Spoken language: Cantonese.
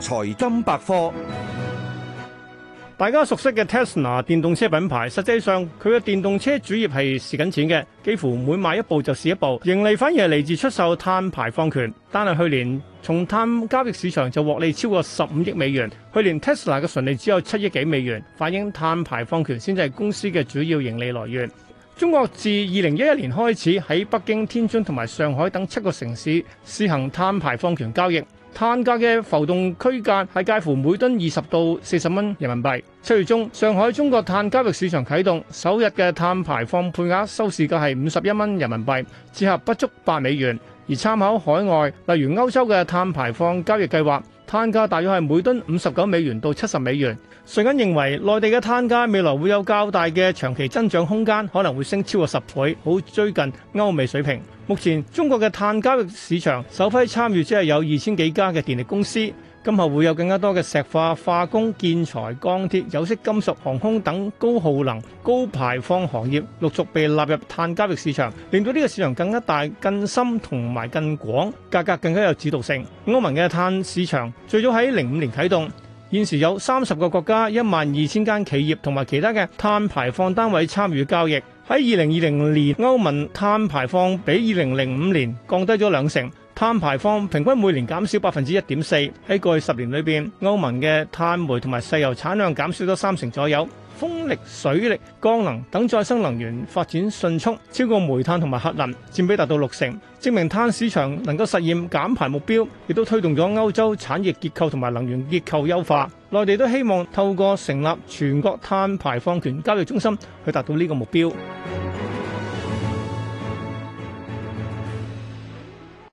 財金百科，大家熟悉嘅 Tesla 電動車品牌，實際上佢嘅電動車主業係蝕緊錢嘅，幾乎每賣一部就蝕一部，盈利反而係嚟自出售碳排放權。但係去年從碳交易市場就獲利超過十五億美元。去年 Tesla 嘅純利只有七億幾美元，反映碳排放權先至係公司嘅主要盈利來源。中國自二零一一年開始喺北京、天津同埋上海等七個城市試行碳排放權交易。碳價嘅浮動區間係介乎每噸二十到四十蚊人民幣。七月中，上海中國碳交易市場啟動，首日嘅碳排放配額收市價係五十一蚊人民幣，折合不足八美元。而參考海外，例如歐洲嘅碳排放交易計劃。碳價大約係每噸五十九美元到七十美元。瑞銀認為，內地嘅碳價未來會有較大嘅長期增長空間，可能會升超過十倍，好追近歐美水平。目前中國嘅碳交易市場首批參與者係有二千幾家嘅電力公司。今後會有更加多嘅石化、化工、建材、鋼鐵、有色金屬、航空等高耗能、高排放行業陸續被納入碳交易市場，令到呢個市場更加大、更深同埋更廣，價格更加有指導性。歐盟嘅碳市場最早喺零五年啟動，現時有三十個國家、一萬二千間企業同埋其他嘅碳排放單位參與交易。喺二零二零年，歐盟碳排放比二零零五年降低咗兩成。碳排放平均每年減少